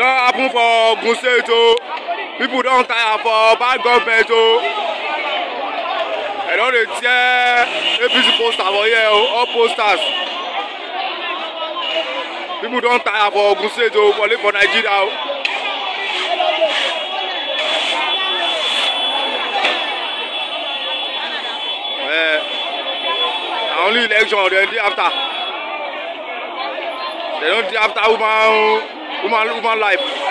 don happen for ogun state people don't tire for bad government o i don The tear apc poster for here all posters people don't tire for ogun state for live for nigeria Yeah. Oh. Eh, only election the day after dem don dey after woman. Oh. Uma, Uma Live.